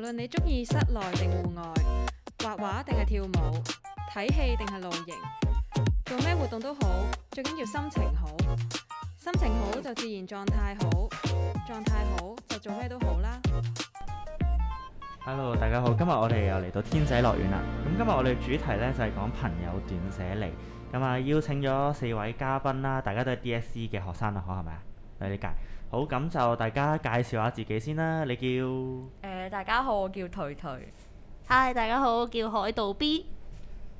無論你中意室內定戶外，畫畫定係跳舞，睇戲定係露營，做咩活動都好，最緊要心情好。心情好就自然狀態好，狀態好就做咩都好啦。Hello，大家好，今日我哋又嚟到天仔樂園啦。咁今日我哋主題呢，就係講朋友斷捨離咁啊，邀請咗四位嘉賓啦，大家都係 DSE 嘅學生啊，可係咪啊？有你介好咁就大家介紹下自己先啦。你叫、uh, 大家好，我叫頹頹。嗨，大家好，我叫海盜 B。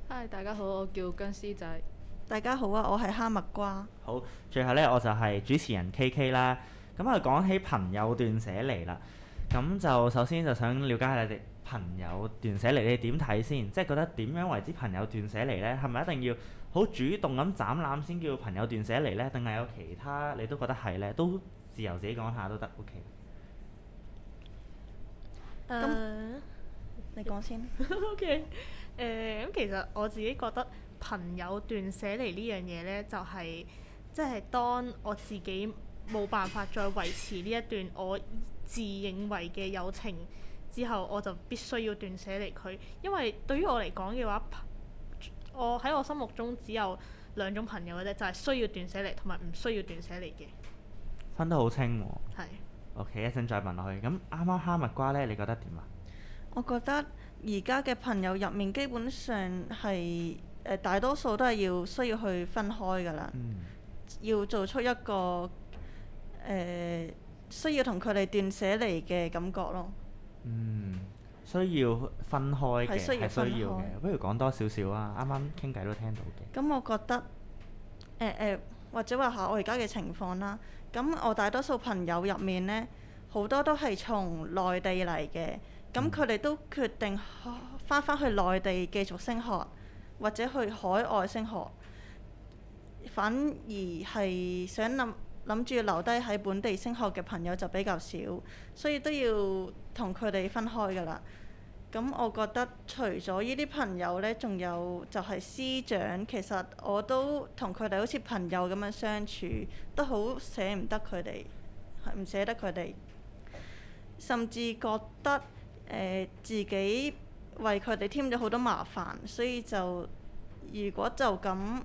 嗨，大家好，我叫僵屍仔。大家好啊，我係哈密瓜。好，最後呢，我就係主持人 KK 啦。咁啊，講起朋友斷捨離啦，咁就首先就想了解下你哋朋友斷捨離，你哋點睇先？即係覺得點樣為之朋友斷捨離呢？係咪一定要好主動咁斬纜先叫朋友斷捨離呢？定係有其他你都覺得係呢？都自由自己講下都得，OK。OK 咁，嗯、你講先。OK，誒咁其實我自己覺得朋友斷捨離呢樣嘢呢，就係即係當我自己冇辦法再維持呢一段我自認為嘅友情之後，我就必須要斷捨離佢。因為對於我嚟講嘅話，我喺我心目中只有兩種朋友嘅啫，就係、是、需要斷捨離同埋唔需要斷捨離嘅。分得好清喎、哦。係。OK，一陣再問落去。咁啱啱哈密瓜呢？你覺得點啊？我覺得而家嘅朋友入面，基本上係誒、呃、大多數都係要需要去分開噶啦。嗯、要做出一個誒、呃、需要同佢哋斷捨離嘅感覺咯。嗯，需要分開嘅係需要嘅。不如講多少少啊？啱啱傾偈都聽到嘅。咁、嗯、我覺得誒誒、呃呃，或者話下我而家嘅情況啦。咁我大多數朋友入面呢，好多都係從內地嚟嘅，咁佢哋都決定返返去內地繼續升學，或者去海外升學，反而係想諗諗住留低喺本地升學嘅朋友就比較少，所以都要同佢哋分開㗎喇。咁、嗯、我覺得除咗呢啲朋友呢，仲有就係師長，其實我都同佢哋好似朋友咁樣相處，都好捨唔得佢哋，係唔捨得佢哋，甚至覺得、呃、自己為佢哋添咗好多麻煩，所以就如果就咁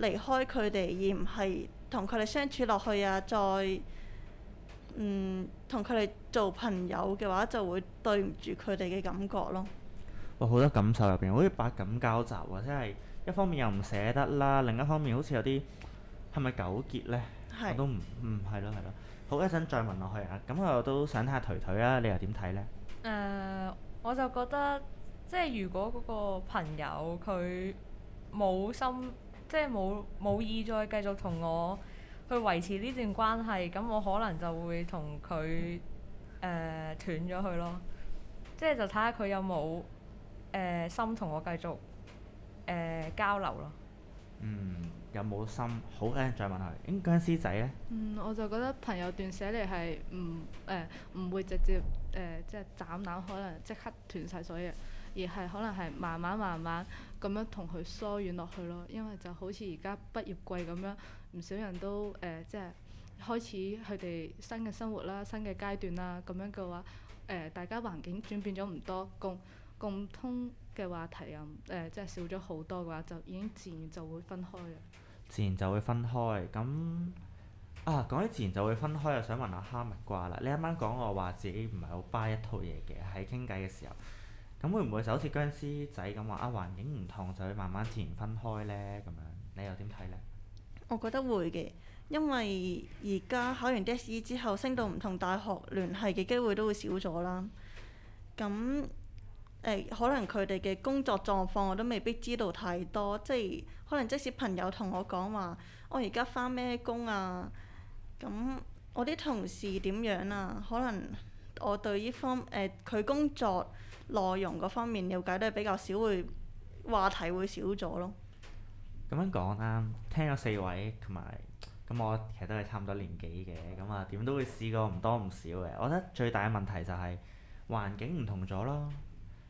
離開佢哋，而唔係同佢哋相處落去啊，再～嗯，同佢哋做朋友嘅話，就會對唔住佢哋嘅感覺咯。哇，好多感受入邊，好似百感交集或者係一方面又唔捨得啦，另一方面好似有啲係咪糾結呢？是我都唔唔係咯，係、嗯、咯。好，一陣再問落去啊。咁啊，我都想睇下頹頹啊，你又點睇呢？誒，uh, 我就覺得即係如果嗰個朋友佢冇心，即係冇冇意再繼續同我。去維持呢段關係，咁我可能就會同佢誒斷咗佢咯，即係就睇下佢有冇誒、呃、心同我繼續誒、呃、交流咯。嗯，有冇心？好咧，再問下佢，誒殭屍仔咧？嗯，我就覺得朋友斷捨離係唔誒唔會直接誒即係斬纜，可能即刻斷晒所有，而係可能係慢慢慢慢咁樣同佢疏遠落去咯。因為就好似而家畢業季咁樣。唔少人都誒、呃，即係開始佢哋新嘅生活啦、新嘅階段啦。咁樣嘅話，誒、呃、大家環境轉變咗唔多，共共通嘅話題又誒、呃、即係少咗好多嘅話，就已經自然就會分開啊！自然就會分開咁啊！講起自然就會分開，又、啊、想問下哈密瓜啦。你啱啱講我話自己唔係好 buy 一套嘢嘅喺傾偈嘅時候，咁會唔會就好似殭屍仔咁話啊？環境唔同就會慢慢自然分開呢？」咁樣你又點睇呢？我覺得會嘅，因為而家考完 DSE 之後，升到唔同大學聯繫嘅機會都會少咗啦。咁誒、呃，可能佢哋嘅工作狀況我都未必知道太多，即係可能即使朋友同我講話，我而家返咩工啊？咁我啲同事點樣啊？可能我對呢方誒佢、呃、工作內容嗰方面了解得比較少會，會話題會少咗咯。咁樣講啦，聽咗四位同埋，咁、嗯、我其實都係差唔多年紀嘅，咁啊點都會試過唔多唔少嘅。我覺得最大嘅問題就係、是、環境唔同咗咯。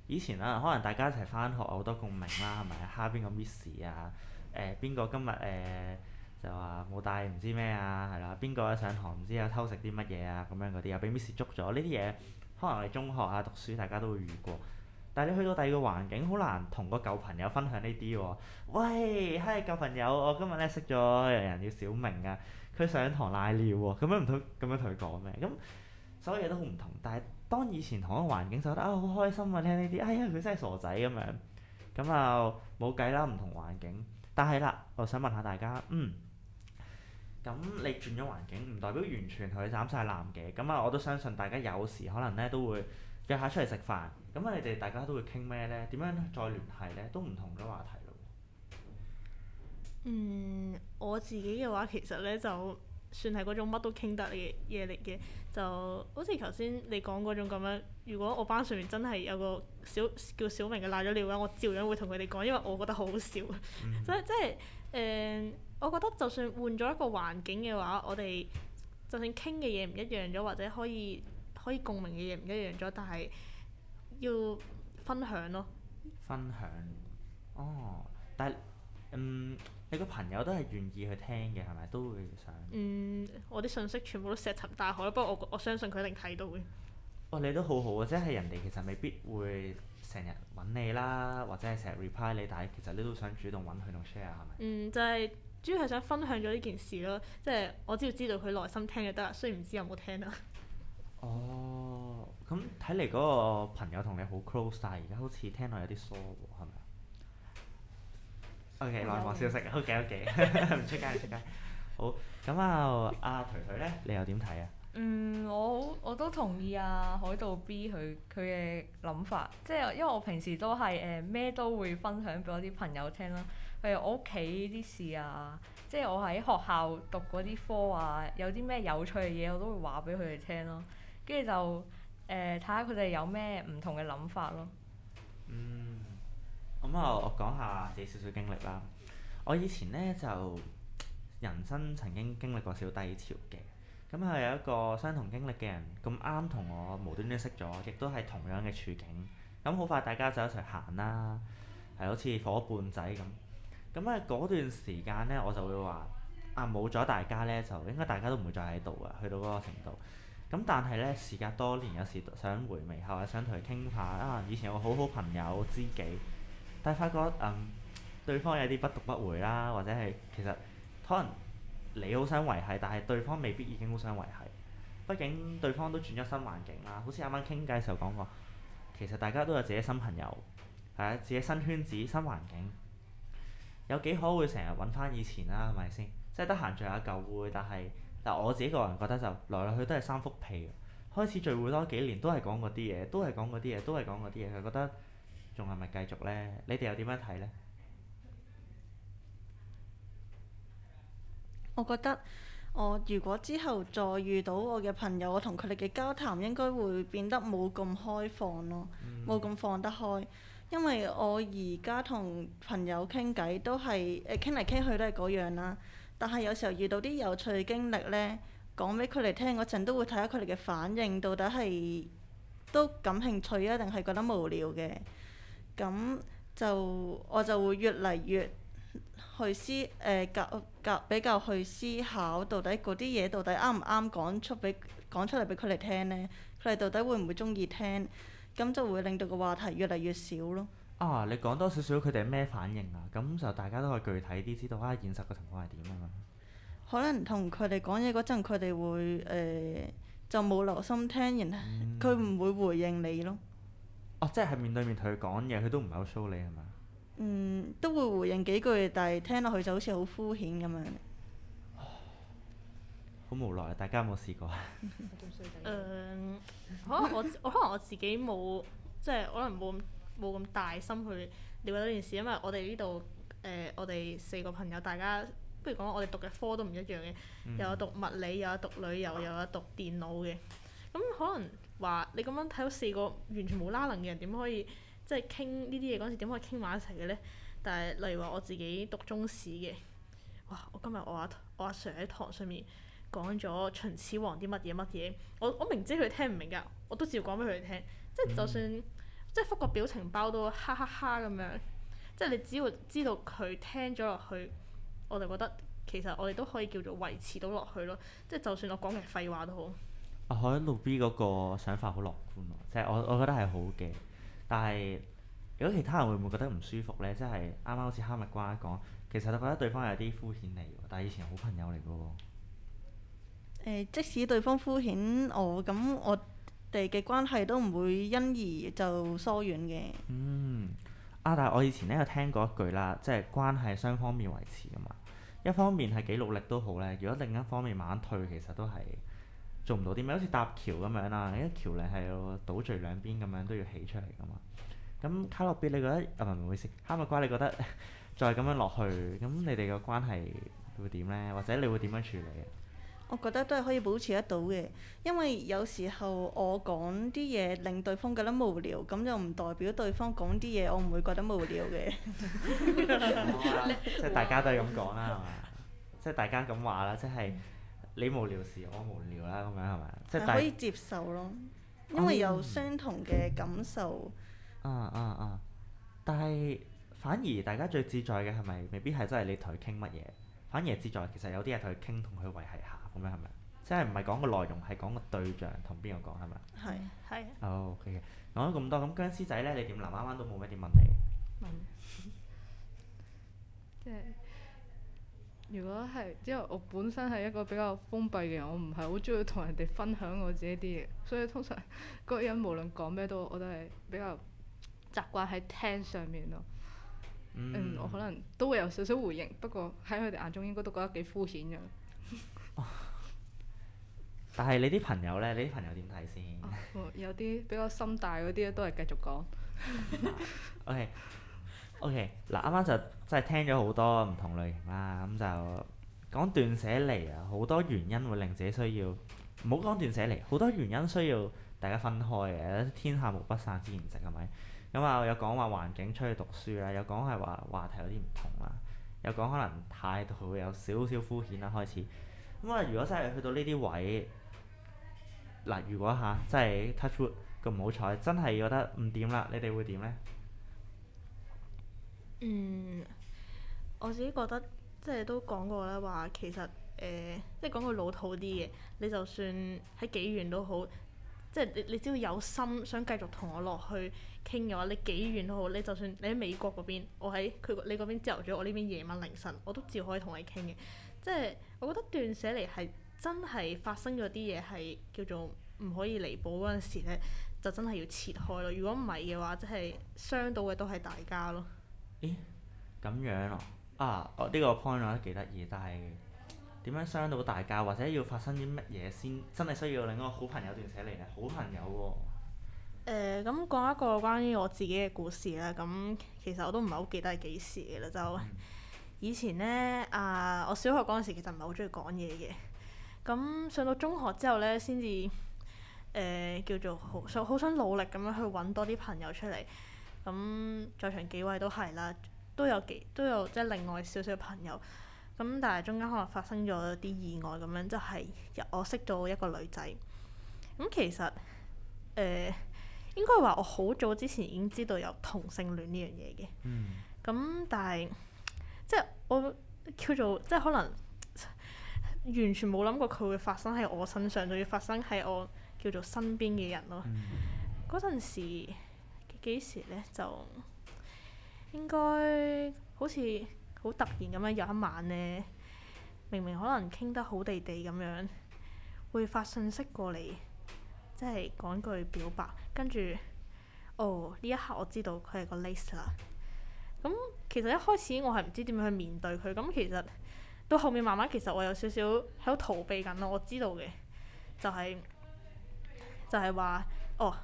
以前啊，可能大家一齊返學好多共鳴啦，係咪？蝦邊個 Miss 啊？誒邊個今日誒、呃、就話冇帶唔知咩啊？係啦，邊個一上堂唔知又偷食啲乜嘢啊？咁、啊、樣嗰啲又俾 Miss 捉咗。呢啲嘢可能我哋中學啊讀書，大家都會遇過。但係你去到第二個環境，好難同個舊朋友分享呢啲喎。喂，嗨舊朋友，我今日咧識咗有人叫小明啊，佢上堂拉尿喎，咁樣唔通，咁樣同佢講咩？咁所有嘢都好唔同。但係當以前同一個環境，就覺得啊好、哦、開心啊聽呢啲。哎呀，佢真係傻仔咁樣。咁啊冇計啦，唔同環境。但係啦，我想問下大家，嗯，咁你轉咗環境，唔代表完全同佢斬晒纜嘅。咁啊，我都相信大家有時可能咧都會。約下出嚟食飯，咁啊你哋大家都會傾咩呢？點樣再聯繫呢？都唔同嘅話題咯。嗯，我自己嘅話其實呢，就算係嗰種乜都傾得嘅嘢嚟嘅，就好似頭先你講嗰種咁樣。如果我班上面真係有個小叫小明嘅瀨咗尿嘅話，我照樣會同佢哋講，因為我覺得好笑。所以、嗯、 即係誒、呃，我覺得就算換咗一個環境嘅話，我哋就算傾嘅嘢唔一樣咗，或者可以。可以共鳴嘅嘢唔一樣咗，但係要分享咯。分享，哦，但係嗯，你個朋友都係願意去聽嘅係咪？都會想。嗯，我啲信息全部都石沉大海咯。不過我我相信佢一定睇到嘅。哦，你都好好啊！即係人哋其實未必會成日揾你啦，或者係成日 reply 你，但係其實你都想主動揾佢同 share 係咪？嗯，就係主要係想分享咗呢件事咯。即係我只要知道佢內心聽就得啦，雖然唔知有冇聽啦、啊。哦，咁睇嚟嗰個朋友同你好 close，但係而家好似聽落有啲疏喎，係咪？OK，內幕消息 OK OK，唔出街唔出街。好，咁啊，阿頹頹咧，你又點睇啊？嗯，我我都同意啊，海道 B 佢佢嘅諗法，即係因為我平時都係誒咩都會分享俾我啲朋友聽啦。譬如我屋企啲事啊，即係我喺學校讀嗰啲科啊，有啲咩有趣嘅嘢我都會話俾佢哋聽咯。跟住就誒睇下佢哋有咩唔同嘅諗法咯。嗯，咁啊，我講下自己少少經歷啦。我以前呢，就人生曾經經歷過少低潮嘅。咁、嗯、啊，有一個相同經歷嘅人咁啱同我無端端識咗，亦都係同樣嘅處境。咁、嗯、好快大家就一齊行啦，係好似伙伴仔咁。咁、嗯、啊，嗰段時間呢，我就會話啊冇咗大家呢，就應該大家都唔會再喺度噶，去到嗰個程度。咁但係呢，時隔多年，有時想回味下，想同佢傾下啊，以前有個好好朋友、知己，但係發覺嗯，對方有啲不讀不回啦，或者係其實可能你好想維係，但係對方未必已經好想維係。畢竟對方都轉咗新環境啦，好似啱啱傾偈嘅時候講過，其實大家都有自己新朋友，係啊，自己新圈子、新環境，有幾可會成日揾翻以前啦，係咪先？即係得閒聚下舊會，但係。但我自己個人覺得就來來去去都係三幅皮，開始聚會多幾年都係講嗰啲嘢，都係講嗰啲嘢，都係講嗰啲嘢，佢覺得仲係咪繼續呢？你哋又點樣睇呢？我覺得我如果之後再遇到我嘅朋友，我同佢哋嘅交談應該會變得冇咁開放咯，冇咁、嗯、放得開，因為我而家同朋友傾偈都係誒傾嚟傾去都係嗰樣啦。但係有時候遇到啲有趣經歷呢，講俾佢哋聽嗰陣，我都會睇下佢哋嘅反應，到底係都感興趣啊，定係覺得無聊嘅？咁就我就會越嚟越去思誒較較比較去思考，到底嗰啲嘢到底啱唔啱講出俾講出嚟俾佢哋聽呢？佢哋到底會唔會中意聽？咁就會令到個話題越嚟越少咯。啊！你講多少少，佢哋咩反應啊？咁就大家都可以具體啲知道啊，現實嘅情況係點啊？可能同佢哋講嘢嗰陣，佢哋會誒、呃、就冇留心聽，然後佢唔會回應你咯。哦、啊，即係係面對面同佢講嘢，佢都唔係好 show 你係嘛？嗯，都會回應幾句，但係聽落去就好似好敷衍咁樣。好無奈，大家有冇試過？誒、 呃，可能我我，我可能我自己冇，即、就、係、是、可能冇咁冇咁大心去瞭解呢件事，因為我哋呢度誒，我哋四個朋友大家，不如講我哋讀嘅科都唔一樣嘅，又、嗯、有讀物理，又有讀旅遊，又有讀電腦嘅。咁、嗯嗯、可能話你咁樣睇到四個完全冇拉掕嘅人，點可以即係傾呢啲嘢嗰陣時，點可以傾埋一齊嘅咧？但係例如話我自己讀中史嘅，哇！我今日我阿、啊、我阿 sir 喺堂上面講咗秦始皇啲乜嘢乜嘢，我我明知佢聽唔明㗎，我都照講俾佢哋聽，嗯、即係就算。即係覆個表情包都哈哈哈咁樣，即係你只要知道佢聽咗落去，我就覺得其實我哋都可以叫做維持到落去咯。即係就算我講嘅廢話都好。啊，海欣路 B 嗰個想法好樂觀喎，即係我我覺得係好嘅。但係如果其他人會唔會覺得唔舒服呢？即係啱啱好似哈密瓜講，其實就覺得對方有啲敷衍你，但係以前係好朋友嚟嘅喎。誒，即使對方敷衍我，咁我。你嘅關係都唔會因而就疏遠嘅。嗯，啊，但係我以前咧有聽過一句啦，即係關係雙方面維持噶嘛，一方面係幾努力都好咧，如果另一方面慢慢退，其實都係做唔到啲咩，好似搭橋咁樣啦，啊，啲橋咧係要倒敍兩邊咁樣都要起出嚟噶嘛。咁卡洛比，你覺得啊唔係唔會蝕哈密瓜？你覺得 再咁樣落去，咁你哋個關係會點呢？或者你會點樣處理？我覺得都係可以保持得到嘅，因為有時候我講啲嘢令對方覺得無聊，咁又唔代表對方講啲嘢我唔會覺得無聊嘅。即係大家都係咁講啦，係嘛？即係大家咁話啦，即係你無聊時我無聊啦，咁樣係咪？係可以接受咯，因為有相同嘅感受。啊啊啊！但係反而大家最自在嘅係咪？未必係真係你同佢傾乜嘢，反而自在。其實有啲嘢同佢傾，同佢維繫下。咁係咪？即係唔係講個內容，係講個對象同邊個講係咪？係係。Oh, OK，講咗咁多，咁僵屍仔咧，你點諗啱啱都冇咩啲問題。即係、嗯 就是、如果係，因為我本身係一個比較封閉嘅人，我唔係好中意同人哋分享我自己啲嘢，所以通常嗰個人無論講咩都，我都係比較習慣喺聽上面咯。嗯。嗯我可能都會有少少回應，不過喺佢哋眼中應該都覺得幾膚淺嘅。哦、但係你啲朋友呢？你啲朋友點睇先？有啲比較心大嗰啲都係繼續講 、啊。O K O K 嗱，啱啱就即係聽咗好多唔同類型啦。咁就講斷捨離啊，好、嗯、多原因會令自己需要唔好講斷捨離，好多原因需要大家分開嘅。天下無不散之筵席係咪？咁、嗯、啊，有講話環境出去讀書啦、啊，有講係話話題有啲唔同啦、啊，有講、啊、可能態度會有少少敷衍啦，開始。咁啊！如果真係去到呢啲位，嗱，如果吓，真係 touch wood 咁唔好彩，真係覺得唔掂啦，你哋會點呢？嗯，我自己覺得即係都講過啦，話其實誒、呃，即係講句老土啲嘅，你就算喺幾遠都好，即係你你只要有心想繼續同我落去傾嘅話，你幾遠都好，你就算你喺美國嗰邊，我喺佢你嗰邊朝頭早，我呢邊夜晚凌晨，我都照可以同你傾嘅。即係我覺得斷捨離係真係發生咗啲嘢係叫做唔可以彌補嗰陣時咧，就真係要切開咯。如果唔係嘅話，即係傷到嘅都係大家咯。咦、欸？咁樣啊？我、啊、呢、哦呢個 point 我覺得幾得意，但係點樣傷到大家，或者要發生啲乜嘢先真係需要另一個好朋友斷捨離咧？好朋友喎、啊。誒、呃，咁、嗯、講一個關於我自己嘅故事啦。咁、嗯、其實我都唔係好記得係幾時嘅啦，就。 以前咧啊，我小學嗰陣時其實唔係好鍾意講嘢嘅。咁上到中學之後咧，先至誒叫做好想好想努力咁樣去搵多啲朋友出嚟。咁在場幾位都係啦，都有幾都有即係另外少少朋友。咁但係中間可能發生咗啲意外咁樣，就係、是、我識咗一個女仔。咁其實誒、呃、應該話我好早之前已經知道有同性戀呢樣嘢嘅。咁、嗯、但係。我叫做即係可能完全冇諗過佢會發生喺我身上，仲要發生喺我叫做身邊嘅人咯。嗰陣、嗯、時幾時咧就應該好似好突然咁樣有一晚咧，明明可能傾得好地地咁樣，會發信息過嚟，即係講句表白，跟住哦，呢一刻我知道佢係個 list 啦。咁其實一開始我係唔知點樣去面對佢，咁其實到後面慢慢其實我有少少喺度逃避緊咯。我知道嘅就係就係話，哦，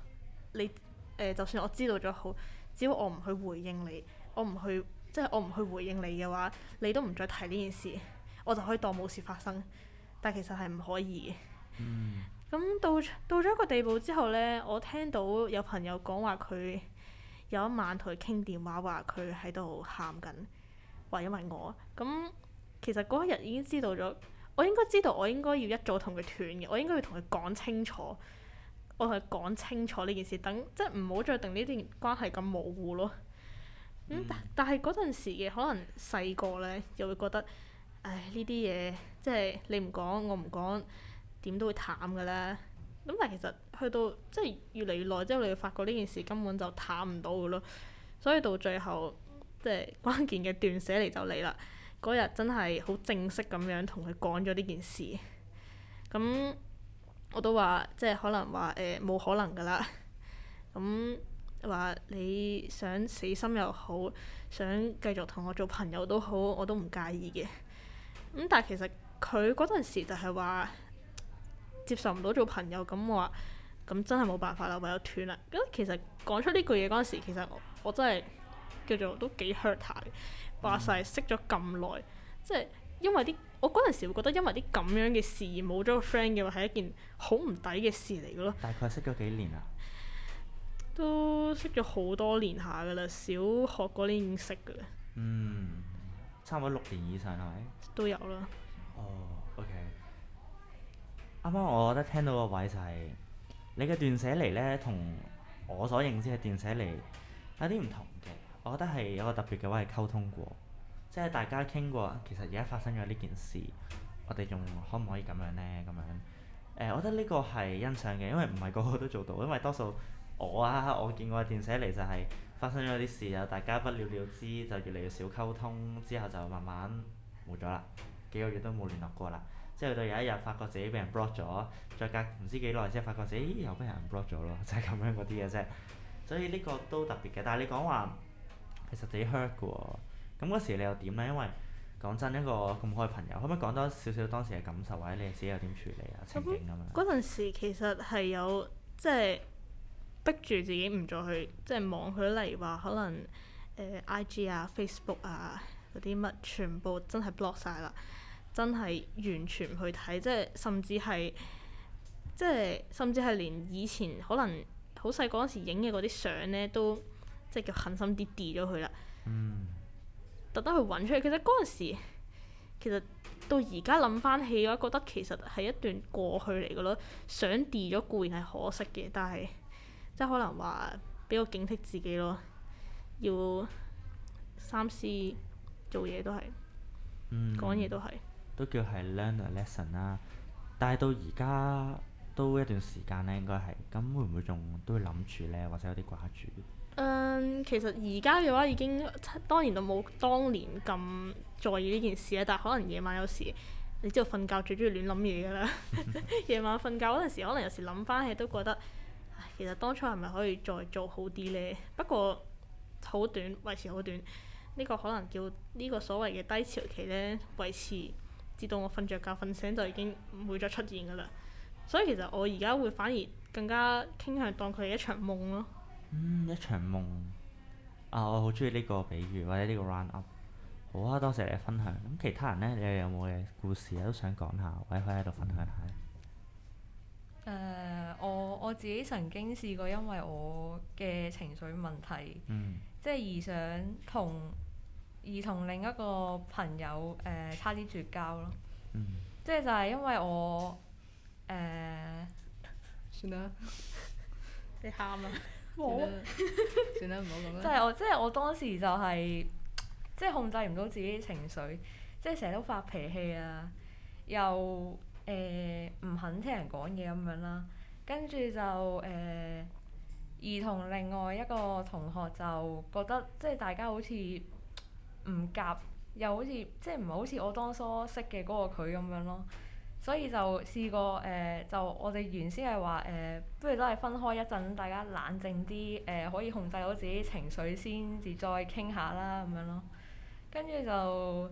你誒就算我知道咗好，只要我唔去回應你，我唔去即係我唔去回應你嘅話，你都唔再提呢件事，我就可以當冇事發生。但其實係唔可以嘅。嗯。咁到到咗一個地步之後呢，我聽到有朋友講話佢。有一晚同佢傾電話，話佢喺度喊緊，話因為我。咁其實嗰一日已經知道咗，我應該知道我應該要一早同佢斷嘅，我應該要同佢講清楚，我同佢講清楚呢件事，等即係唔好再定呢段關係咁模糊咯。嗯嗯、但但係嗰陣時嘅可能細個呢，又會覺得，唉呢啲嘢即係你唔講我唔講，點都會淡㗎啦。咁但其實去到即係越嚟越耐之後，你會發覺呢件事根本就淡唔到嘅咯，所以到最後即係關鍵嘅斷捨離就嚟啦。嗰日真係好正式咁樣同佢講咗呢件事，咁我都話即係可能話誒冇可能㗎啦，咁話你想死心又好，想繼續同我做朋友都好，我都唔介意嘅。咁但係其實佢嗰陣時就係話，接受唔到做朋友，咁我話，咁真係冇辦法啦，唯有斷啦。咁其實講出呢句嘢嗰陣時，其實我，我真係叫做都幾 hurt 下。話晒、嗯、識咗咁耐，即係因為啲我嗰陣時會覺得，因為啲咁樣嘅事而冇咗個 friend 嘅話，係一件好唔抵嘅事嚟嘅咯。大概識咗幾年啊？都識咗好多年下噶啦，小學嗰年已經識嘅啦。嗯，差唔多六年以上係咪？都有啦。哦、oh，OK。啱啱我覺得聽到個位就係你嘅斷捨離呢，同我所認識嘅斷捨離有啲唔同嘅、呃。我覺得係有個特別嘅位係溝通過，即係大家傾過，其實而家發生咗呢件事，我哋仲可唔可以咁樣呢？咁樣我覺得呢個係欣賞嘅，因為唔係個個都做到，因為多數我啊，我見過嘅斷捨離就係發生咗啲事，有大家不了了之，就越嚟越少溝通，之後就慢慢冇咗啦，幾個月都冇聯絡過啦。之後到有一日，發覺自己被人 block 咗，再隔唔知幾耐之後，發覺自己又被人 block 咗咯，就係、是、咁樣嗰啲嘢啫。所以呢個都特別嘅。但係你講話其實自己 hurt 嘅喎，咁嗰時你又點呢？因為講真一個咁好嘅朋友，可唔可以講多少少當時嘅感受或者你自己又點處理啊？情景咁啊。嗰陣時其實係有即係逼住自己唔再去，即係望佢例如話可能誒、呃、IG 啊、Facebook 啊嗰啲乜，全部真係 block 晒啦。真係完全唔去睇，即係甚至係，即係甚至係連以前可能好細個嗰時影嘅嗰啲相咧，都即係叫狠心啲 delete 咗佢啦。了了嗯、特登去揾出嚟，其實嗰陣時，其實到而家諗翻起嘅話，覺得其實係一段過去嚟嘅咯。想 delete 咗固然係可惜嘅，但係即係可能話比較警惕自己咯，要三思做嘢都係，講嘢、嗯、都係。都叫係 learn a lesson 啦。但係到而家都一段時間咧，應該係咁，會唔會仲都會諗住咧，或者有啲掛住？嗯，其實而家嘅話已經、嗯、當然都冇當年咁在意呢件事咧。但係可能夜晚有時你知道瞓覺最中意亂諗嘢㗎啦。夜 晚瞓覺嗰陣時，可能有時諗翻起都覺得，唉，其實當初係咪可以再做好啲咧？不過好短，維持好短。呢、呢個可能叫呢、呢個所謂嘅低潮期咧，維持。知道我瞓着覺，瞓醒就已經唔會再出現噶啦。所以其實我而家會反而更加傾向當佢係一場夢咯。嗯，一場夢。啊，我好中意呢個比喻或者呢個 run up。好啊，多謝你分享。咁、嗯、其他人呢，你哋有冇嘅故事都想講下？或者可以喺度分享下。誒、嗯呃，我我自己曾經試過，因為我嘅情緒問題，嗯、即係而想同。而同另一個朋友誒、呃、差啲絕交咯，嗯、即係就係因為我誒、呃、算啦了， 你喊啦，冇我算啦了，唔好咁樣。即係我，即係我當時就係、是、即係控制唔到自己嘅情緒，即係成日都發脾氣啊，又誒唔、呃、肯聽人講嘢咁樣啦，呃、跟住就誒而同另外一個同學就覺得即係大家好似，唔夾，又好似即係唔係好似我當初識嘅嗰個佢咁樣咯，所以就試過誒、呃，就我哋原先係話誒，不如都係分開一陣，大家冷靜啲，誒、呃、可以控制到自己情緒先至再傾下啦咁樣咯。跟住就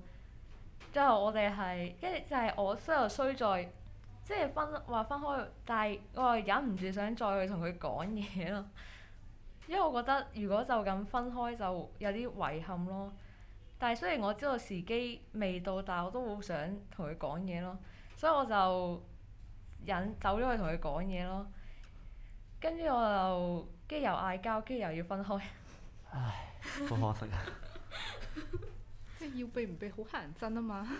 最後我哋係跟住就係我衰又衰在，即係分話分開，但係我係忍唔住想再同佢講嘢咯，因為我覺得如果就咁分開，就有啲遺憾咯。但係雖然我知道時機未到，但係我都好想同佢講嘢咯，所以我就忍走咗去同佢講嘢咯。跟住我就，跟住又嗌交，跟住又要分開。唉，好可惜啊！即係要避唔避，好乞人憎啊嘛。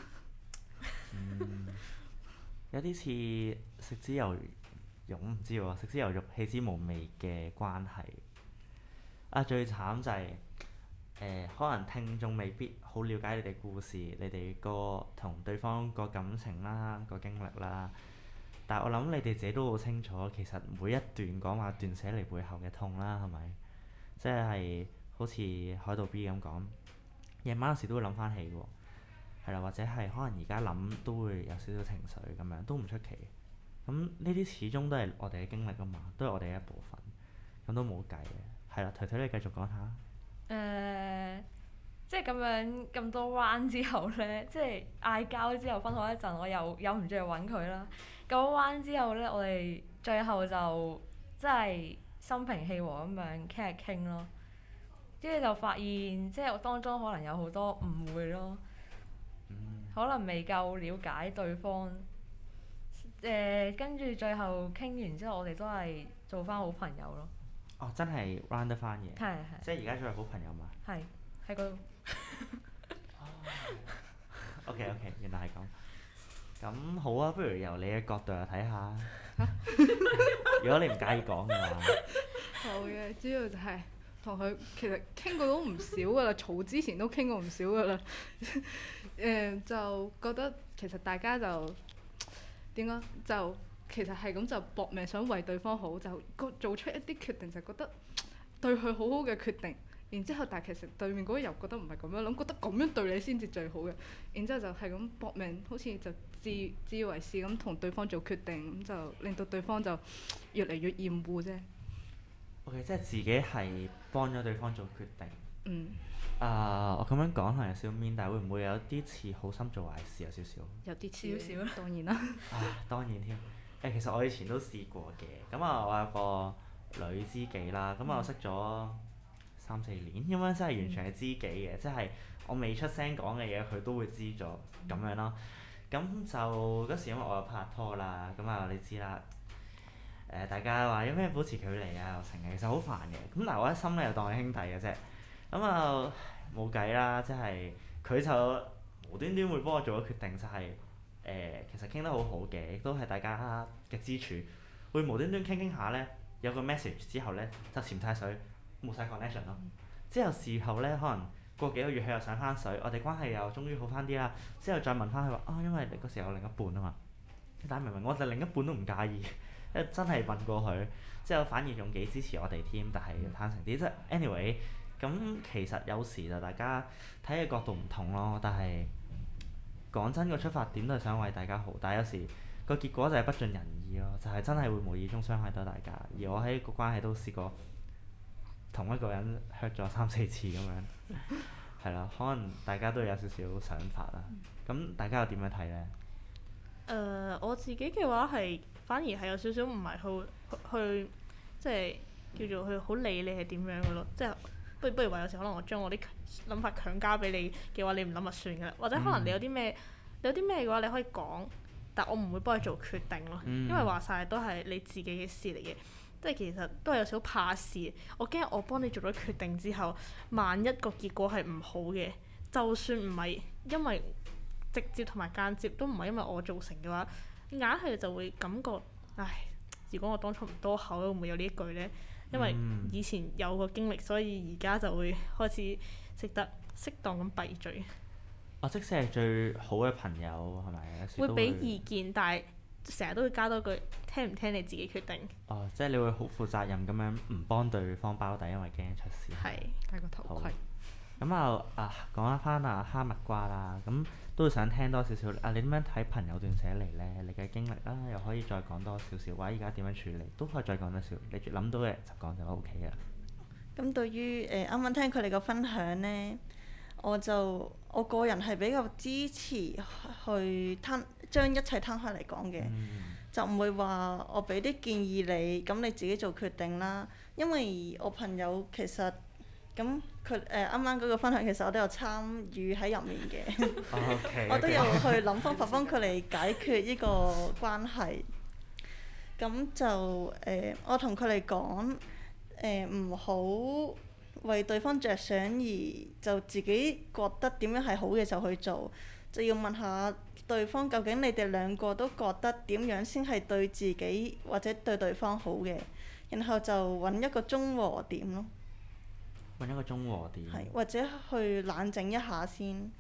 嗯、有啲似食之又勇」，唔知喎、啊，食之又融，棄之無味嘅關係。啊！最慘就係～誒，可能聽眾未必好了解你哋故事、你哋個同對方個感情啦、個經歷啦。但係我諗你哋自己都好清楚，其實每一段講話、斷捨離背後嘅痛啦，係咪？即係好似海盜 B 咁講，夜晚時都會諗翻起喎。係啦，或者係可能而家諗都會有少少情緒咁樣，都唔出奇。咁呢啲始終都係我哋嘅經歷噶嘛，都係我哋嘅一部分。咁都冇計嘅，係啦。軼軼，推推你繼續講下。誒、呃，即係咁樣咁多彎之後呢，即係嗌交之後分開一陣，我又忍唔住去揾佢啦。咁彎之後呢，我哋最後就即係心平氣和咁樣傾下傾咯。跟住就發現，即係當中可能有好多誤會咯，嗯、可能未夠了解對方。誒、呃，跟住最後傾完之後，我哋都係做翻好朋友咯。哦，真係 round 得翻嘢，的即係而家仲係好朋友嘛。係，喺嗰度。OK OK，原來係咁。咁好啊，不如由你嘅角度嚟睇下。啊、 如果你唔介意講嘅話。 好嘅，主要就係同佢其實傾過都唔少噶啦，嘈之前都傾過唔少噶啦。誒、 嗯，就覺得其實大家就點講就。其實係咁，就搏命想為對方好，就個做出一啲決定，就覺得對佢好好嘅決定。然之後，但其實對面嗰個又覺得唔係咁樣諗，覺得咁樣對你先至最好嘅。然之後就係咁搏命，好似就自自以為是咁同對方做決定，咁就令到對方就越嚟越厭惡啫。O.K. 即係自己係幫咗對方做決定。嗯。啊，uh, 我咁樣講可能有少面，但係會唔會有啲似好心做壞事有，有少少？有啲少少，當然啦。啊，當然添。 誒，其實我以前都試過嘅，咁啊，我有個女知己啦，咁啊，我識咗三四年，咁樣真係完全係知己嘅，即係我未出聲講嘅嘢，佢都會知咗咁樣咯。咁就嗰時因為我有拍拖啦，咁啊，你知啦。誒、呃，大家話有咩保持距離啊？我成日其實好煩嘅。咁但我一心咧又當佢兄弟嘅啫。咁啊，冇計啦，即係佢就無端端會幫我做個決定，就係、是。誒，其實傾得好好嘅，亦都係大家嘅支柱。會無端端傾傾下呢，有個 message 之後呢，就潛太水，冇晒 connection 咯。之後事後呢，可能過幾個月佢又上翻水，我哋關係又終於好翻啲啦。之後再問翻佢話啊，因為你嗰時候有另一半啊嘛。但明明我對另一半都唔介意，因為真係問過佢，之後反而仲幾支持我哋添。但係又坦誠啲，即 anyway，咁其實有時就大家睇嘅角度唔同咯，但係。講真個出發點都係想為大家好，但係有時個結果就係不盡人意咯，就係、是、真係會無意中傷害到大家。而我喺個關係都試過同一個人 hurt 咗三四次咁樣，係啦， 可能大家都有少少想法啦。咁、嗯、大家又點樣睇呢？誒、呃，我自己嘅話係反而係有少少唔係去去即係叫做去好理你係點樣嘅咯，即係。不不如話有時可能我將我啲諗法強加俾你嘅話，你唔諗就算㗎啦。或者可能你有啲咩、嗯、有啲咩嘅話，你可以講，但我唔會幫你做決定咯。嗯、因為話晒都係你自己嘅事嚟嘅，即係其實都係有少少怕事。我驚我幫你做咗決定之後，萬一個結果係唔好嘅，就算唔係因為直接同埋間接都唔係因為我造成嘅話，硬係就會感覺，唉，如果我當初唔多口，會唔會有呢一句咧？因為以前有個經歷，所以而家就會開始識得適當咁閉嘴。啊、嗯，我即使係最好嘅朋友係咪？是是會俾意見，但係成日都會加多句：聽唔聽你自己決定。哦，即係你會好負責任咁樣唔幫對方包底，因為驚出事。係是好戴個頭盔。咁啊啊，講一翻啊哈密瓜啦，咁。都想聽多少少啊！你點樣睇朋友段寫嚟呢？你嘅經歷啦、啊，又可以再講多少少。或者依家點樣處理，都可以再講多少。你諗到嘅就講就 OK 嘅。咁對於誒啱啱聽佢哋個分享呢，我就我個人係比較支持去攤將一切攤開嚟講嘅，嗯、就唔會話我俾啲建議你，咁你自己做決定啦。因為我朋友其實～咁佢誒啱啱嗰個分享，其實我都有參與喺入面嘅，我都有去諗方法幫佢哋解決呢個關係。咁、嗯、 就誒、呃，我同佢哋講誒，唔、呃、好為對方着想而就自己覺得點樣係好嘅就去做，就要問下對方究竟你哋兩個都覺得點樣先係對自己或者對對方好嘅，然後就揾一個中和點咯。揾一個中和點，或者去冷靜一下先，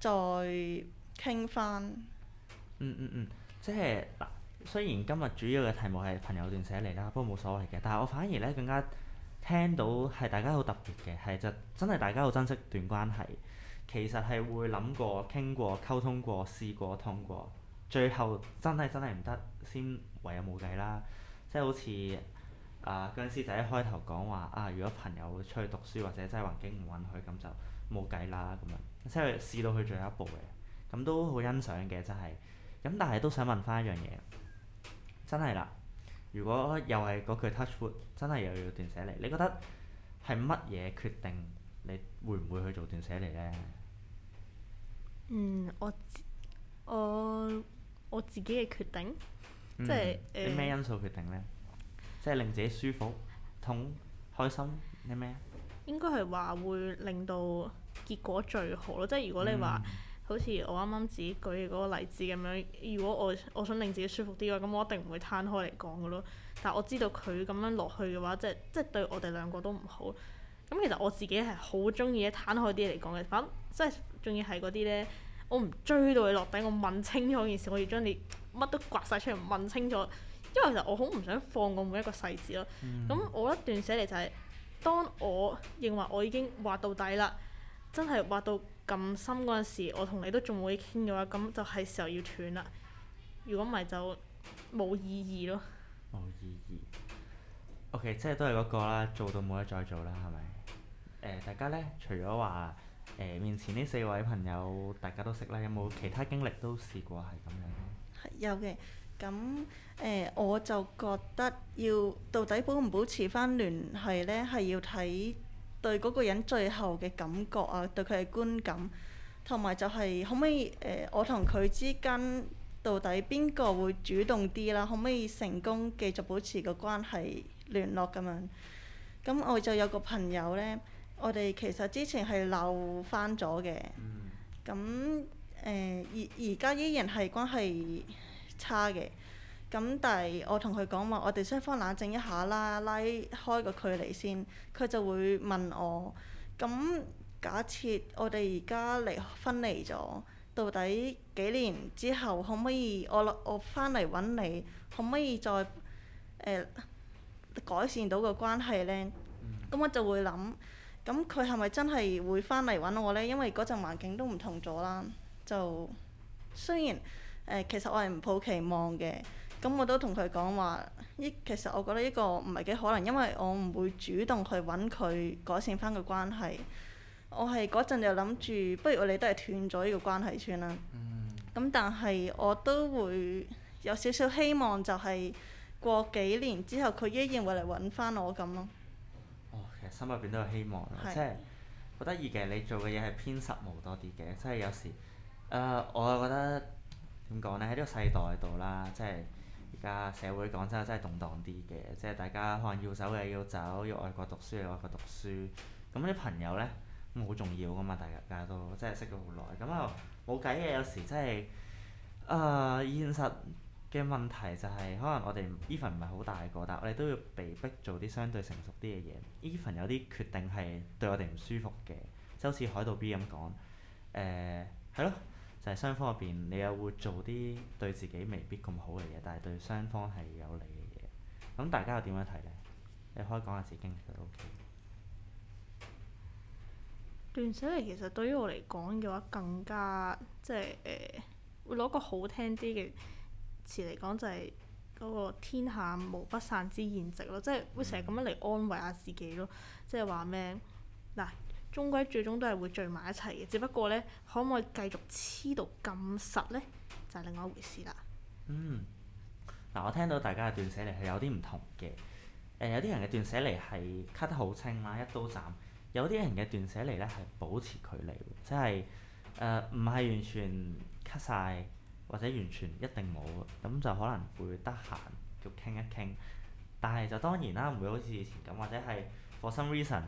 再傾翻、嗯。嗯嗯嗯，即係嗱，雖然今日主要嘅題目係朋友段寫嚟啦，不過冇所謂嘅。但係我反而呢，更加聽到係大家好特別嘅，係就係、真係大家好珍惜段關係。其實係會諗過、傾過、溝通過、試過、通過，最後真係真係唔得，先唯有冇計啦。即係好似～啊！嗰陣時就一開頭講話啊，如果朋友出去讀書或者真係環境唔允許，咁就冇計啦咁樣，即係試到佢最後一步嘅，咁都好欣賞嘅，真係。咁但係都想問翻一樣嘢，真係啦。如果又係嗰句 touch wood，真係又要斷捨離，你覺得係乜嘢決定你會唔會去做斷捨離呢？嗯，我我，我自己嘅決定，嗯、即係咩、呃、因素決定呢？即係令自己舒服、同開心啲咩？應該係話會令到結果最好咯。即係如果你話，嗯、好似我啱啱自己舉嘅嗰個例子咁樣，如果我我想令自己舒服啲嘅話，咁我一定唔會攤開嚟講嘅咯。但係我知道佢咁樣落去嘅話，即係即係對我哋兩個都唔好。咁其實我自己係好中意咧攤開啲嚟講嘅，反正即係中意係嗰啲呢，我唔追到佢落底，我問清楚件事，我要將你乜都刮晒出嚟問清楚。因為其實我好唔想放過每一個細節咯。咁、嗯、我一段寫嚟就係、是，當我認為我已經畫到底啦，真係畫到咁深嗰陣時，我同你都仲會傾嘅話，咁就係時候要斷啦。如果唔係就冇意義咯。冇意義。O.K. 即係都係嗰個啦，做到冇得再做啦，係咪？誒、呃，大家呢，除咗話誒面前呢四位朋友大家都識啦，有冇其他經歷都試過係咁樣？有嘅，咁。誒、呃，我就覺得要到底保唔保持翻聯繫呢，係要睇對嗰個人最後嘅感覺啊，對佢嘅觀感，同埋就係可唔可以誒、呃？我同佢之間到底邊個會主動啲啦？可唔可以成功繼續保持個關係聯絡咁樣？咁我就有個朋友呢，我哋其實之前係鬧翻咗嘅，咁誒而而家依然係關係差嘅。咁，但係我同佢講話，我哋雙方冷靜一下啦，拉開個距離先。佢就會問我：咁假設我哋而家離分離咗，到底幾年之後可唔可以我落我翻嚟揾你，可唔可以再誒、呃、改善到個關係呢？嗯。咁我就會諗：咁佢係咪真係會翻嚟揾我呢？因為嗰陣環境都唔同咗啦。就雖然誒、呃，其實我係唔抱期望嘅。咁我都同佢講話，依其實我覺得呢個唔係幾可能，因為我唔會主動去揾佢改善翻個關係。我係嗰陣就諗住，不如我哋都係斷咗呢個關係算啦。咁、嗯、但係我都會有少少希望，就係過幾年之後，佢依然會嚟揾翻我咁咯。哦，其實心入邊都有希望，是即係好得意嘅。你做嘅嘢係偏實務多啲嘅，即係有時誒、呃，我覺得點講呢？喺呢個世代度啦，即係。家社會講真啊，真係動盪啲嘅，即係大家可能要走嘅要走，要外國讀書嘅外國讀書。咁啲朋友呢，都好重要㗎嘛，大家都真係識咗好耐。咁啊冇計嘅，有時真係誒、呃、現實嘅問題就係、是，可能我哋 even 唔係好大個，但係我哋都要被逼做啲相對成熟啲嘅嘢。even 有啲決定係對我哋唔舒服嘅，就好似海盜 B 咁講誒，呃、係咯。但係雙方入邊，你又會做啲對自己未必咁好嘅嘢，但係對雙方係有利嘅嘢。咁大家又點樣睇呢？你可以講下自己經歷都 OK。段小嚟其實對於我嚟講嘅話，更加即係誒、呃，會攞個好聽啲嘅詞嚟講，就係、是、嗰個天下無不散之筵席咯。即係會成日咁樣嚟安慰下自己咯。嗯、即係話咩？嗱。終歸最終都係會聚埋一齊嘅，只不過呢，可唔可以繼續黐到咁實呢？就係、是、另外一回事啦。嗯。嗱，我聽到大家嘅斷捨離係有啲唔同嘅、呃。有啲人嘅斷捨離係 cut 得好清啦，一刀斬；有啲人嘅斷捨離呢係保持距離，即係唔係完全 cut 曬，或者完全一定冇。咁就可能會得閒叫傾一傾。但係就當然啦，唔會好似以前咁，或者係 for some reason。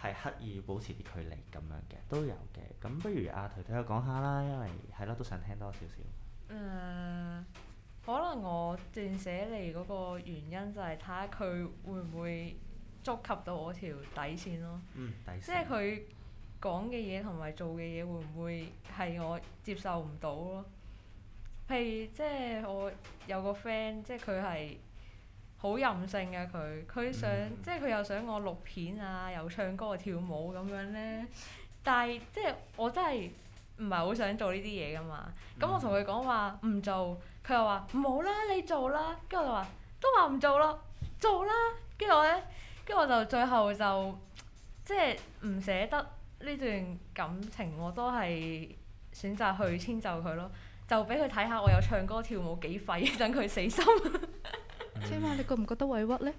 係刻意要保持啲距離咁樣嘅都有嘅，咁不如阿軼睇下講下啦，因為係咯都想聽多少少。誒、嗯，可能我斷捨離嗰個原因就係睇下佢會唔會觸及到我條底線咯。嗯，底線。即係佢講嘅嘢同埋做嘅嘢會唔會係我接受唔到咯？譬如即係我有個 friend，即係佢係。好任性呀，佢，佢想、嗯、即係佢又想我錄片啊，又唱歌跳舞咁樣呢。但係即係我真係唔係好想做呢啲嘢噶嘛。咁、嗯、我同佢講話唔做，佢又話唔好啦，你做啦。跟住我就話都話唔做咯，做啦。跟住我呢，跟住我就最後就即係唔捨得呢段感情，我都係選擇去遷就佢咯。就俾佢睇下我有唱歌跳舞幾廢，等佢死心。 嗯、請問你覺唔覺得委屈呢？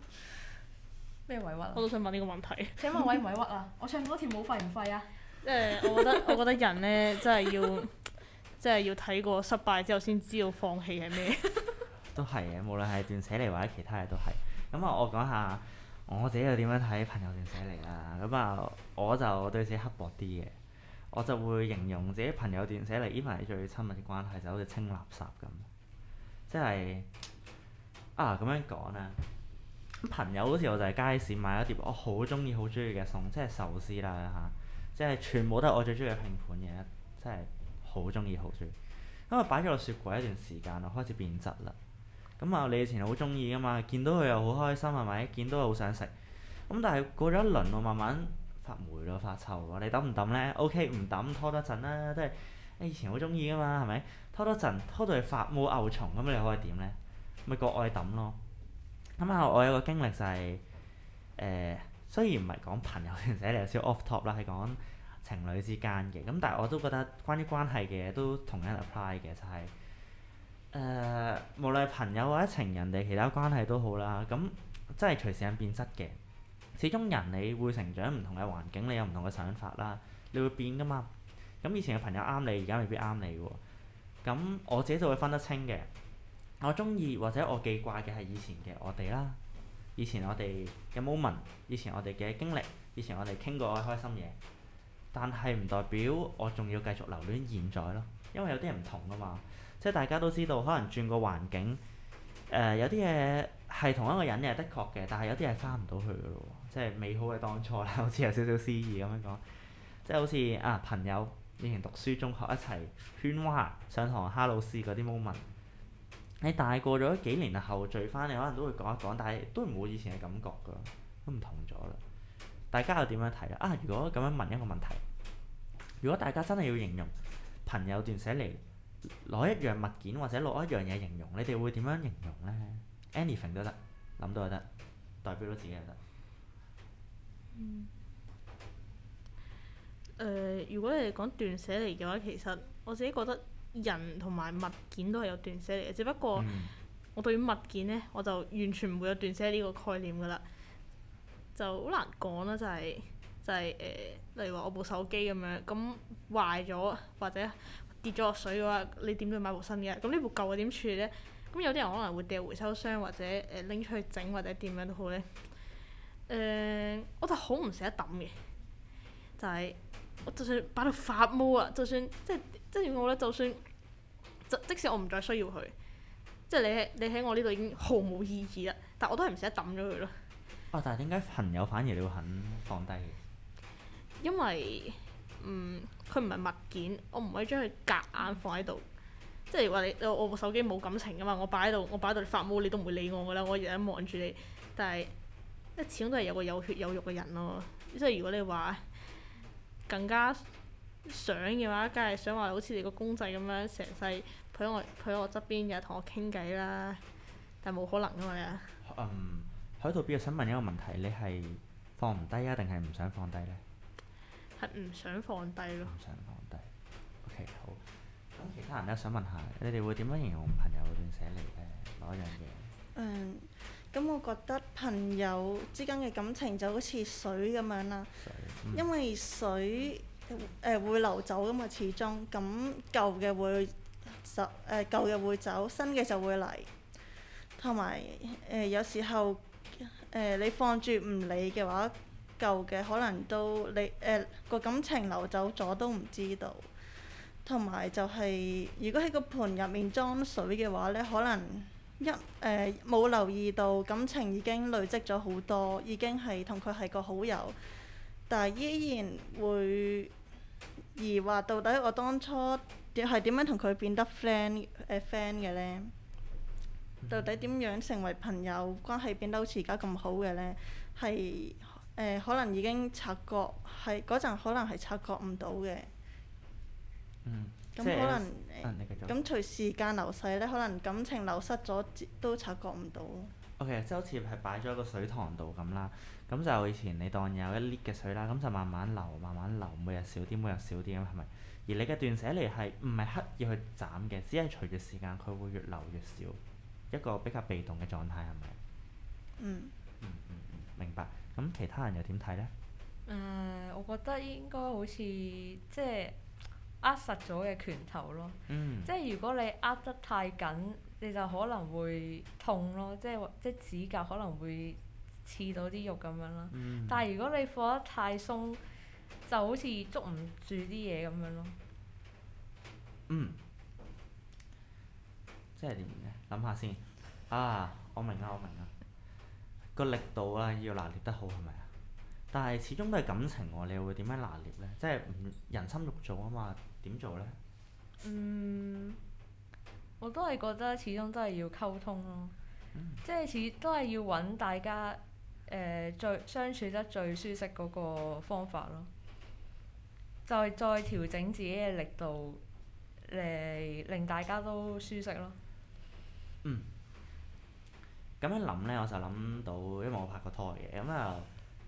咩委屈我都想問呢個問題。請問委唔委屈啊？ 我唱多條舞廢唔廢啊？誒、嗯，我覺得我覺得人呢，真係要即係 要睇過失敗之後，先知道放棄係咩。都係嘅，無論係斷捨離或者其他嘢都係。咁啊，我講下我自己又點樣睇朋友斷捨離啦。咁啊，我就對自己刻薄啲嘅，我就會形容自己朋友斷捨離，依排最親密嘅關係就好似清垃圾咁，即係。啊咁樣講啦，朋友嗰時我就喺街市買一碟我好中意、好中意嘅餸，即係壽司啦嚇、啊，即係全部都係我最中意嘅拼盤嘢，真係好中意、好中意。咁啊擺咗落雪櫃一段時間啦，開始變質啦。咁、嗯、啊、嗯、你以前好中意㗎嘛，見到佢又好開心係咪？見到佢好想食。咁、嗯、但係過咗一輪喎，我慢慢發霉咯、發臭咯。你抌唔抌呢？OK，唔抌拖多陣啦，都係你以前好中意㗎嘛，係咪？拖多陣拖到佢發冇牛蟲咁你可以點呢？咪個愛揼咯。咁啊，我有個經歷就係誒，雖然唔係講朋友嚟，有少 off top 啦，係講情侶之間嘅。咁，但係我都覺得關於關係嘅嘢都同樣 apply 嘅，就係誒，無論係朋友或者情人定其他關係都好啦。咁真係隨時有變質嘅。始終人你會成長，唔同嘅環境，你有唔同嘅想法啦，你會變噶嘛。咁以前嘅朋友啱你，而家未必啱你喎。咁我自己就會分得清嘅。我中意或者我記掛嘅係以前嘅我哋啦，以前我哋嘅 moment，以前我哋嘅經歷，以前我哋傾過嘅開心嘢，但係唔代表我仲要繼續留戀現在咯，因為有啲人唔同噶嘛，即係大家都知道，可能轉個環境，誒、呃、有啲嘢係同一個人嘅，的確嘅，但係有啲係翻唔到去嘅喎，即係美好嘅當初啦，好似有少少詩意咁樣講，即係好似啊朋友以前讀書中學一齊喧嘩上堂蝦老師嗰啲 moment。你大過咗幾年後聚翻，你可能都會講一講，但係都唔冇以前嘅感覺噶，都唔同咗啦。大家又點樣睇咧？啊，如果咁樣問一個問題，如果大家真係要形容朋友斷捨離攞一樣物件或者攞一樣嘢形容，你哋會點樣形容呢？Anything 都得，諗到得，代表到自己啦。得、嗯呃。如果你係講斷捨離嘅話，其實我自己覺得。人同埋物件都係有斷捨離嘅，只不過我對於物件呢，我就完全唔會有斷捨離呢個概念㗎喇，就好難講啦，就係、是、就係、是呃、例如話我部手機咁樣，咁壞咗或者跌咗落水嘅話，你點都要買部新嘅，咁呢部舊嘅點處理呢？咁有啲人可能會掉回收箱，或者誒拎、呃、出去整，或者點樣都好呢。呃、我就好唔捨得抌嘅，就係、是。我就算擺到發毛啊，就算即係即係我咧，就算就即使我唔再需要佢，即係你喺你喺我呢度已經毫無意義啦，但我都係唔捨得抌咗佢咯。啊！但係點解朋友反而你會肯放低？因為嗯，佢唔係物件，我唔可以將佢夾硬放喺度。即係話你我部手機冇感情噶嘛，我擺喺度，我擺到你發毛，你都唔會理我噶啦。我日日望住你，但係始終都係有個有血有肉嘅人咯。即係如果你話，更加想嘅話，梗係想話好似你個公仔咁樣，成世陪我陪我側邊，日同我傾偈啦。但冇可能㗎嘛～嗯，海兔，邊個想問一個問題？你係放唔低啊，定係唔想放低呢？係唔想，想放低。唔想放低，OK，好。咁好其他人咧，想問下你哋會點樣形容朋友段寫嚟嘅嗰樣嘢？嗯，咁我覺得朋友之間嘅感情就好似水咁樣啦。因為水誒，呃、會流走㗎嘛，始終咁舊嘅會走，誒舊嘅會走，新嘅就會嚟。同埋誒有時候誒，呃、你放住唔理嘅話，舊嘅可能都你誒個，呃、感情流走咗都唔知道。同埋就係，是，如果喺個盆入面裝水嘅話咧，可能一誒冇，呃、留意到感情已經累積咗好多，已經係同佢係個好友。但係依然會，而話到底我當初係點樣同佢變得 friend 誒、呃、friend 嘅呢？嗯、到底點樣成為朋友關係變得好似而家咁好嘅呢？係誒、呃、可能已經察覺，係嗰陣可能係察覺唔到嘅。咁、嗯、可能咁隨時間流逝咧，可能感情流失咗，都察覺唔到。O.K. 即係好似係擺咗個水塘度咁啦。咁就以前你當有一啲嘅水啦，咁就慢慢流，慢慢流，每日少啲，每日少啲咁，係咪？而你嘅斷捨離係唔係刻意去斬嘅，只係隨住時間佢會越流越少，一個比較被動嘅狀態係咪、嗯嗯？嗯。嗯嗯嗯，明白。咁其他人又點睇呢？誒、嗯，我覺得應該好似即係握實咗嘅拳頭咯。嗯、即係如果你握得太緊，你就可能會痛咯，即係即係指甲可能會。刺到啲肉咁樣，嗯、樣，咯，但係如果你放得太鬆，就好似捉唔住啲嘢咁樣咯。嗯，即係點咧？諗下先。啊，我明啦，我明啦。個力度啊，要拿捏得好係咪啊？但係始終都係感情喎，你會點樣拿捏呢？即係人心肉做啊嘛，點做呢？嗯，我都係覺得始終都係要溝通咯，嗯、即係始都係要揾大家。誒、呃、最相處得最舒適嗰個方法咯，再再調整自己嘅力度，誒、呃、令大家都舒適咯。嗯，咁樣諗呢，我就諗到，因為我拍過拖嘅，咁、嗯、啊、呃，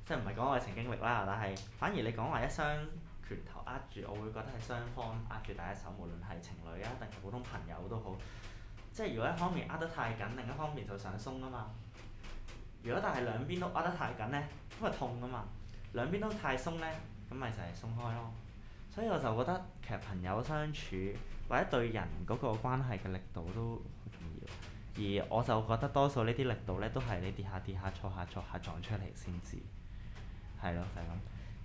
即係唔係講愛情經歷啦，但係反而你講話一雙拳頭握住，我會覺得係雙方握住第一手，無論係情侶啊定係普通朋友都好，即係如果一方面握得太緊，另一方面就想鬆啊嘛。如果但係兩邊都握得太緊呢，咁咪痛㗎嘛；兩邊都太鬆呢，咁咪就係鬆開咯。所以我就覺得其實朋友相處或者對人嗰個關係嘅力度都好重要。而我就覺得多數呢啲力度呢，都係你跌下跌下，坐下坐下撞出嚟先至係咯，就係、是、咁。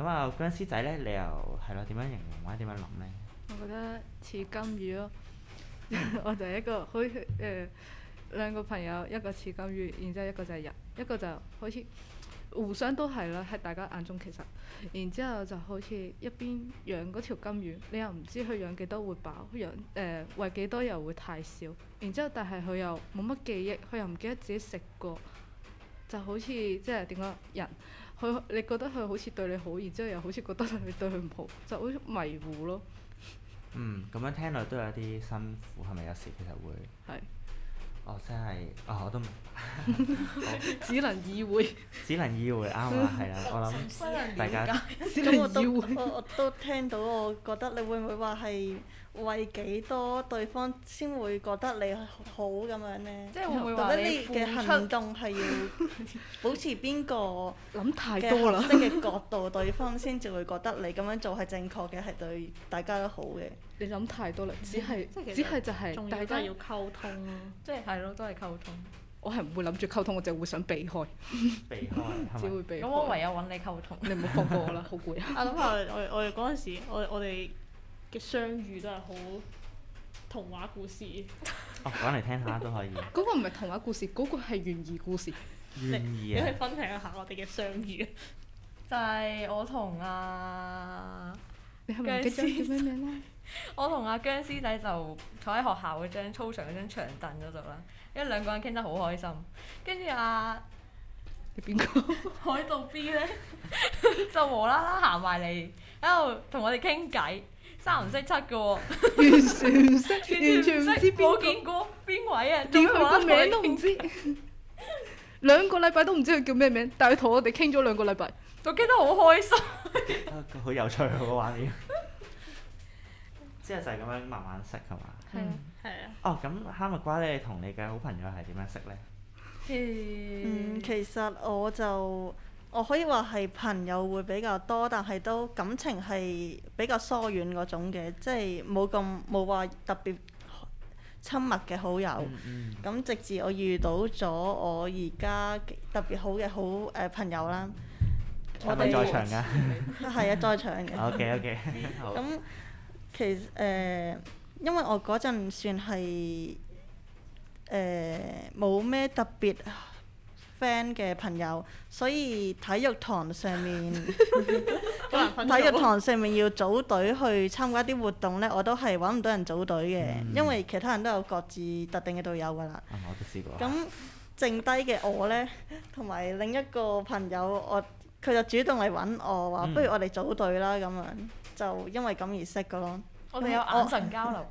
咁啊，殭屍仔呢，你又係咯？點樣形容或者點樣諗呢？我覺得似金魚咯， 我就一個開血。呃兩個朋友，一個似金魚，然之後一個就係人，一個就好似互相都係啦，喺大家眼中其實，然之後就好似一邊養嗰條金魚，你又唔知佢養幾多會飽，養誒餵幾多又會太少，然之後但係佢又冇乜記憶，佢又唔記得自己食過，就好似即係點講人，佢你覺得佢好似對你好，然之後又好似覺得你對佢唔好，就好似迷糊咯。嗯，咁樣聽落都有一啲辛苦，係咪有時其實會？係。 哦，真係啊，我都，唔、 哦、 只能意會， 只能意會啱啦，係啦， 我諗大家，咁 我都，我我都聽到，我覺得你會唔會話係？為幾多對方先會覺得你好咁樣呢，即係會唔會話你嘅行動係要保持邊個嘅角度？對方先至會覺得你咁樣做係正確嘅，係對大家都好嘅。你諗太多啦！只係只係就係大家要溝通咯，即係係咯，都係溝通。我係唔會諗住溝通，我淨係會想避開。避開，只會避開。咁我唯有搵你溝通。你唔好放過我啦！好攰呀。啊諗下我我哋嗰陣時，我我哋嘅相遇都係好童、， 哦、 童話故事。哦，講嚟聽下都可以。嗰個唔係童話故事，嗰個係懸疑故事。懸疑，你去分享一下我哋嘅相遇就係我同阿、啊啊……你係咪記得叫咩僵屍 名咧？ 我同阿殭屍仔就坐喺學校嗰張操場嗰張長凳嗰度啦，因為兩個人傾得好開心。跟住阿……你邊個？ 海盜 B 咧， 就無啦啦行埋嚟喺度同我哋傾偈。三唔識七個 完全唔識，完全唔知邊 不個，邊位啊？連佢個名都唔知。 兩個禮拜都唔知佢叫咩名，但係佢同我哋傾咗兩個禮拜，仲傾得好開心。好有趣，好畫面。即係就係咁樣慢慢識係嘛？係係 啊。哦， 咁哈密瓜咧，同你嘅好朋友係點樣識咧？嗯，其實我就。我可以話係朋友會比較多，但係都感情係比較疏遠嗰種嘅，即係冇咁冇話特別親密嘅好友。咁、嗯嗯、直至我遇到咗我而家特別好嘅好誒朋友啦，嗯、我哋都們在場㗎。係啊， 在場嘅。O K O K。咁其實、呃，因為我嗰陣算係誒冇咩特別 band 嘅朋友，所以體育堂上面 體育堂上面要組隊去參加啲活動呢，我都係揾唔到人組隊嘅。嗯、因為其他人都有各自特定嘅隊友噶啦。咁、嗯、剩低嘅我呢，同埋另一個朋友，我佢就主動嚟揾我話，不如我哋組隊啦咁、嗯、樣，就因為咁而識噶咯。我哋有眼神交流，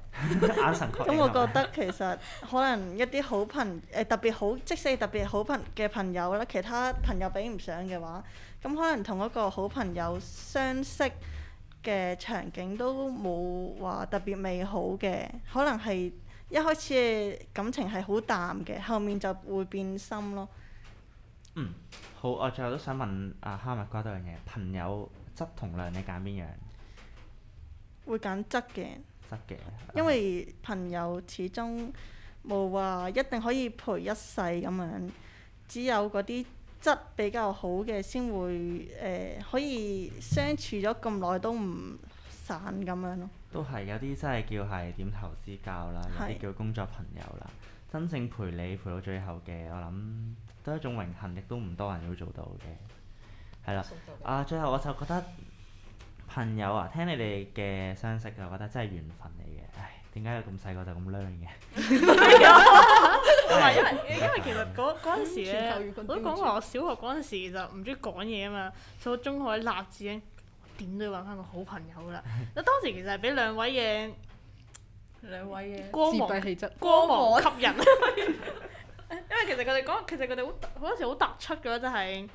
咁我覺得其實可能一啲好朋誒 特別好，即使特別好朋嘅朋友啦，其他朋友比唔上嘅話，咁可能同一個好朋友相識嘅場景都冇話特別美好嘅，可能係一開始嘅感情係好淡嘅，後面就會變深咯。嗯，好，我最後都想問阿、啊、哈密瓜多樣嘢，朋友質同量你揀邊樣？會揀質嘅，質因為朋友始終冇話一定可以陪一世咁樣，只有嗰啲質比較好嘅先會誒、呃、可以相處咗咁耐都唔散咁樣咯。都係有啲真係叫係點頭之交啦，的有啲叫工作朋友啦。真正陪你陪到最後嘅，我諗都係一種榮幸，亦都唔多人要做到嘅。係啦，啊，最後我就覺得。朋友啊，聽你哋嘅相識，我覺得真係緣分嚟嘅。唉，點解咁細個就咁靚嘅？ 因為因為其實嗰嗰 時咧、啊，我都講話我小學嗰陣時就唔中意講嘢啊嘛。所以中學，立志點都要揾翻個好朋友啦。那 當時其實係俾兩位嘅，兩位嘅光，光芒吸引。 因為其實佢哋講，其實佢哋好好多時好突出嘅咯，就係、是、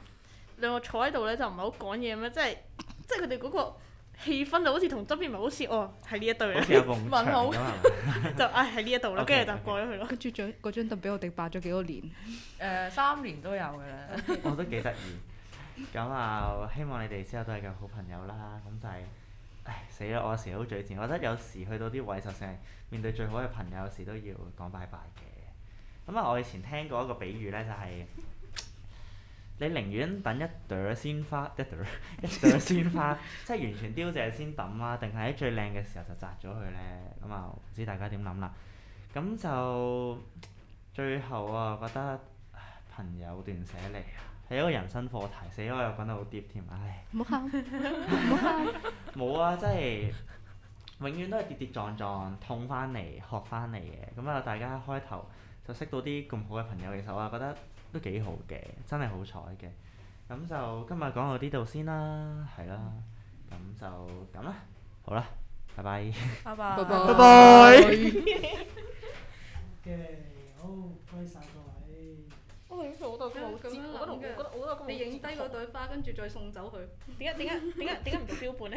兩個坐喺度咧就唔係好講嘢咩？即、就、係、是。即係佢哋嗰個氣氛就好似同周邊文好似哦，喺呢一對問好，就唉喺呢一度啦，跟住就過咗去咯。跟住張嗰張凳俾我哋霸咗幾多年。誒、呃，三年都有嘅啦 Okay. 我都幾得意。咁啊，希望你哋之後都係個好朋友啦。咁但係唉死啦！我成日都嘴賤，我覺得有時去到啲位，就算係面對最好嘅朋友，有時都要講拜拜嘅。咁啊，我以前聽過一個比喻咧，就係、是。你寧願等一朵鮮花一朵一朵鮮花，鮮花 即係完全凋謝先抌啊？定係喺最靚嘅時候就摘咗佢呢？咁、嗯、啊，唔知大家點諗啦？咁就最後啊，覺得朋友斷捨離係一個人生課題，寫開又講得好 deep 添，唉！唔好喊，冇啊！即係永遠都係跌跌撞撞，痛翻嚟學翻嚟嘅。咁啊，大家開頭就識到啲咁好嘅朋友嘅時候，其實我覺得。都幾好嘅，真係好彩嘅。咁就今日講到呢度先啦，係啦。咁就咁啦，好啦，拜拜。拜拜，拜拜。OK，好，拜曬各位。我影曬我對花咁樣。你影低嗰對花，跟住再送走佢。點解點解點解點解唔做標本咧？